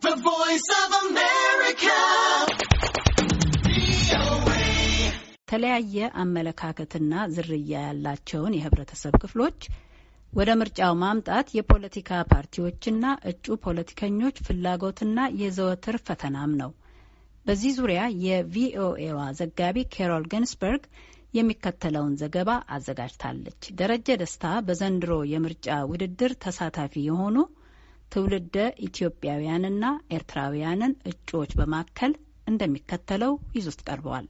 The Voice of America. የተለያየ አመለካከትና ዝርያ ያላቸውን የህብረተሰብ ክፍሎች ወደ ምርጫው ማምጣት የፖለቲካ ፓርቲዎችና እጩ ፖለቲከኞች ፍላጎትና የዘወትር ፈተናም ነው። በዚህ ዙሪያ የቪኦኤዋ ዘጋቢ ኬሮል ገንስበርግ የሚከተለውን ዘገባ አዘጋጅታለች። ደረጀ ደስታ በዘንድሮ የምርጫ ውድድር ተሳታፊ የሆኑ ትውልደ ኢትዮጵያውያንና ኤርትራውያንን እጩዎች በማከል እንደሚከተለው ይዞት ቀርበዋል።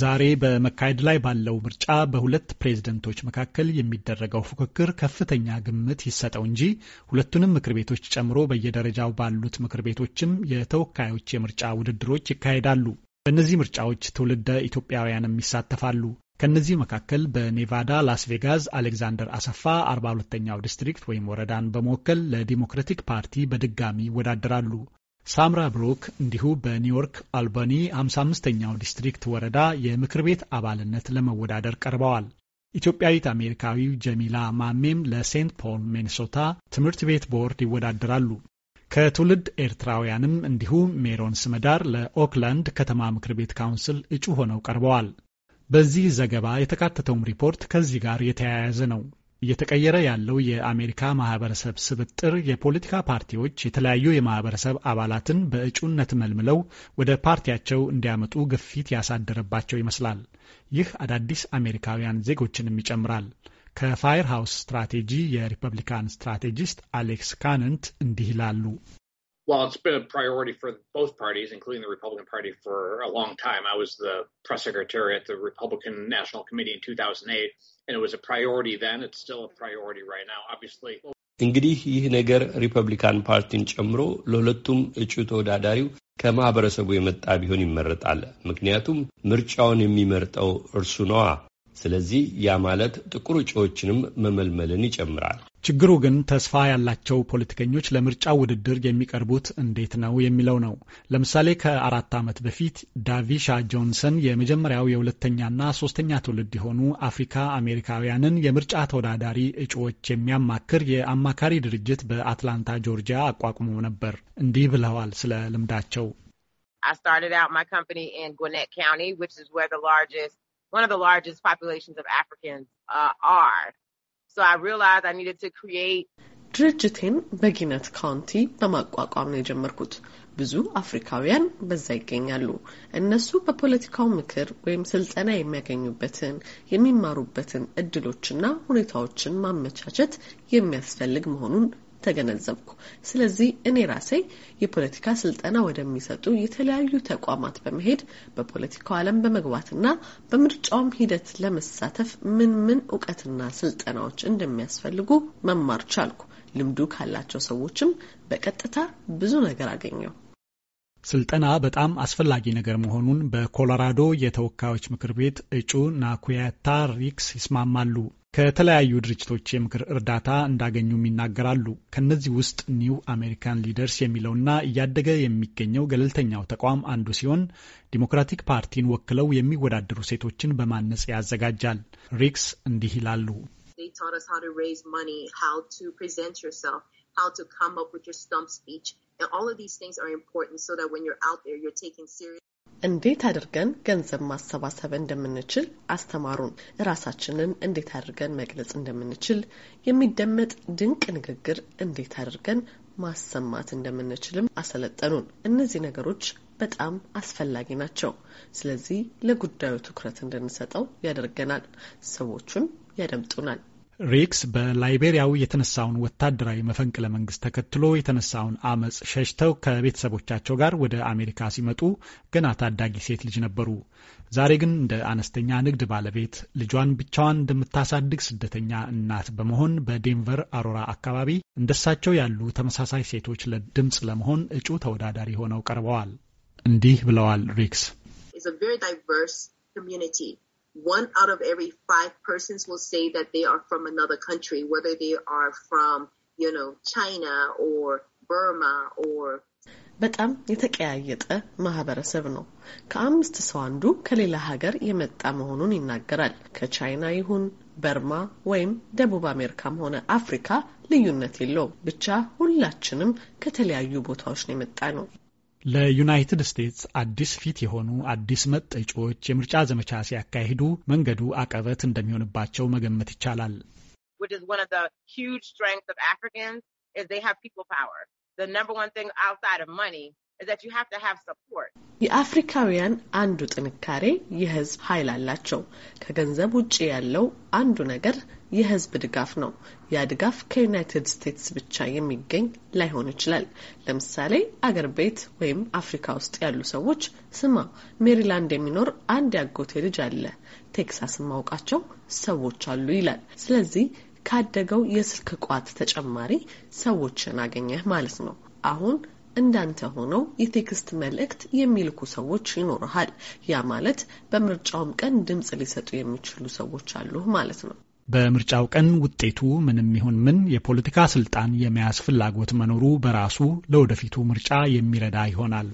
ዛሬ በመካሄድ ላይ ባለው ምርጫ በሁለት ፕሬዝደንቶች መካከል የሚደረገው ፉክክር ከፍተኛ ግምት ይሰጠው እንጂ ሁለቱንም ምክር ቤቶች ጨምሮ በየደረጃው ባሉት ምክር ቤቶችም የተወካዮች የምርጫ ውድድሮች ይካሄዳሉ። በእነዚህ ምርጫዎች ትውልደ ኢትዮጵያውያንም ይሳተፋሉ። ከነዚህ መካከል በኔቫዳ ላስ ቬጋስ አሌክዛንደር አሰፋ 42ኛው ዲስትሪክት ወይም ወረዳን በመወከል ለዲሞክራቲክ ፓርቲ በድጋሚ ይወዳደራሉ። ሳምራ ብሮክ እንዲሁ በኒውዮርክ አልባኒ 55ኛው ዲስትሪክት ወረዳ የምክር ቤት አባልነት ለመወዳደር ቀርበዋል። ኢትዮጵያዊት አሜሪካዊው ጀሚላ ማሜም ለሴንት ፖል ሚኒሶታ ትምህርት ቤት ቦርድ ይወዳደራሉ። ከትውልድ ኤርትራውያንም እንዲሁ ሜሮን ስመዳር ለኦክላንድ ከተማ ምክር ቤት ካውንስል እጩ ሆነው ቀርበዋል። በዚህ ዘገባ የተካተተውም ሪፖርት ከዚህ ጋር የተያያዘ ነው። እየተቀየረ ያለው የአሜሪካ ማህበረሰብ ስብጥር የፖለቲካ ፓርቲዎች የተለያዩ የማህበረሰብ አባላትን በእጩነት መልምለው ወደ ፓርቲያቸው እንዲያመጡ ግፊት ያሳደረባቸው ይመስላል። ይህ አዳዲስ አሜሪካውያን ዜጎችንም ይጨምራል። ከፋየር ሃውስ ስትራቴጂ የሪፐብሊካን ስትራቴጂስት አሌክስ ካንንት እንዲህ ይላሉ። while it's been a priority for both parties, including the Republican Party, for a long time, I was the press secretary at the Republican National Committee in 2008, and it was a priority then. It's still a priority right now, obviously. እንግዲህ ይህ ነገር ሪፐብሊካን ፓርቲን ጨምሮ ለሁለቱም እጩ ተወዳዳሪው ከማህበረሰቡ የመጣ ቢሆን ይመረጣል። ምክንያቱም ምርጫውን የሚመርጠው እርሱ ነዋ። ስለዚህ ያ ማለት ጥቁር እጩዎችንም መመልመልን ይጨምራል። ችግሩ ግን ተስፋ ያላቸው ፖለቲከኞች ለምርጫ ውድድር የሚቀርቡት እንዴት ነው የሚለው ነው። ለምሳሌ ከአራት ዓመት በፊት ዳቪሻ ጆንሰን የመጀመሪያው የሁለተኛና ሶስተኛ ትውልድ የሆኑ አፍሪካ አሜሪካውያንን የምርጫ ተወዳዳሪ እጩዎች የሚያማክር የአማካሪ ድርጅት በአትላንታ ጆርጂያ አቋቁሞ ነበር። እንዲህ ብለዋል ስለ ልምዳቸው I one of the largest populations of Africans uh, are. So I realized I needed to create ድርጅቴን በጊነት ካውንቲ በማቋቋም ነው የጀመርኩት። ብዙ አፍሪካውያን በዛ ይገኛሉ። እነሱ በፖለቲካው ምክር ወይም ስልጠና የሚያገኙበትን የሚማሩበትን እድሎችና ሁኔታዎችን ማመቻቸት የሚያስፈልግ መሆኑን ተገነዘብኩ። ስለዚህ እኔ ራሴ የፖለቲካ ስልጠና ወደሚሰጡ የተለያዩ ተቋማት በመሄድ በፖለቲካው ዓለም በመግባትና በምርጫውም ሂደት ለመሳተፍ ምን ምን እውቀትና ስልጠናዎች እንደሚያስፈልጉ መማር ቻልኩ። ልምዱ ካላቸው ሰዎችም በቀጥታ ብዙ ነገር አገኘው። ስልጠና በጣም አስፈላጊ ነገር መሆኑን በኮሎራዶ የተወካዮች ምክር ቤት እጩ ናኩያታ ሪክስ ይስማማሉ። ከተለያዩ ድርጅቶች የምክር እርዳታ እንዳገኙም ይናገራሉ። ከነዚህ ውስጥ ኒው አሜሪካን ሊደርስ የሚለውና እያደገ የሚገኘው ገለልተኛው ተቋም አንዱ ሲሆን ዲሞክራቲክ ፓርቲን ወክለው የሚወዳደሩ ሴቶችን በማነጽ ያዘጋጃል። ሪክስ እንዲህ ይላሉ። እንዴት አድርገን ገንዘብ ማሰባሰብ እንደምንችል አስተማሩን። ራሳችንን እንዴት አድርገን መግለጽ እንደምንችል፣ የሚደመጥ ድንቅ ንግግር እንዴት አድርገን ማሰማት እንደምንችልም አሰለጠኑን። እነዚህ ነገሮች በጣም አስፈላጊ ናቸው። ስለዚህ ለጉዳዩ ትኩረት እንድንሰጠው ያደርገናል። ሰዎቹም ያደምጡናል። ሪክስ በላይቤሪያው የተነሳውን ወታደራዊ መፈንቅለ መንግስት ተከትሎ የተነሳውን አመፅ ሸሽተው ከቤተሰቦቻቸው ጋር ወደ አሜሪካ ሲመጡ ገና ታዳጊ ሴት ልጅ ነበሩ። ዛሬ ግን እንደ አነስተኛ ንግድ ባለቤት ልጇን ብቻዋን እንደምታሳድግ ስደተኛ እናት በመሆን በዴንቨር አሮራ አካባቢ እንደሳቸው ያሉ ተመሳሳይ ሴቶች ለድምፅ ለመሆን እጩ ተወዳዳሪ ሆነው ቀርበዋል። እንዲህ ብለዋል ሪክስ one out of every five persons will say that they are from another country, whether they are from, you know, China or Burma or በጣም የተቀያየጠ ማህበረሰብ ነው። ከአምስት ሰው አንዱ ከሌላ ሀገር የመጣ መሆኑን ይናገራል። ከቻይና ይሁን በርማ ወይም ደቡብ አሜሪካም ሆነ አፍሪካ ልዩነት የለውም። ብቻ ሁላችንም ከተለያዩ ቦታዎች ነው የመጣ ነው። ለዩናይትድ ስቴትስ አዲስ ፊት የሆኑ አዲስ መጤ እጩዎች የምርጫ ዘመቻ ሲያካሂዱ መንገዱ አቀበት እንደሚሆንባቸው መገመት ይቻላል። የአፍሪካውያን አንዱ ጥንካሬ የህዝብ ኃይል አላቸው። ከገንዘብ ውጭ ያለው አንዱ ነገር የህዝብ ድጋፍ ነው። ያ ድጋፍ ከዩናይትድ ስቴትስ ብቻ የሚገኝ ላይሆን ይችላል። ለምሳሌ አገር ቤት ወይም አፍሪካ ውስጥ ያሉ ሰዎች ስማ፣ ሜሪላንድ የሚኖር አንድ ያጎቴ ልጅ አለ፣ ቴክሳስ ማውቃቸው ሰዎች አሉ ይላል። ስለዚህ ካደገው የስልክ ቋት ተጨማሪ ሰዎችን አገኘህ ማለት ነው። አሁን እንዳንተ ሆነው የቴክስት መልእክት የሚልኩ ሰዎች ይኖርሃል። ያ ማለት በምርጫውም ቀን ድምፅ ሊሰጡ የሚችሉ ሰዎች አሉ ማለት ነው። በምርጫው ቀን ውጤቱ ምንም ይሁን ምን የፖለቲካ ስልጣን የመያዝ ፍላጎት መኖሩ በራሱ ለወደፊቱ ምርጫ የሚረዳ ይሆናል።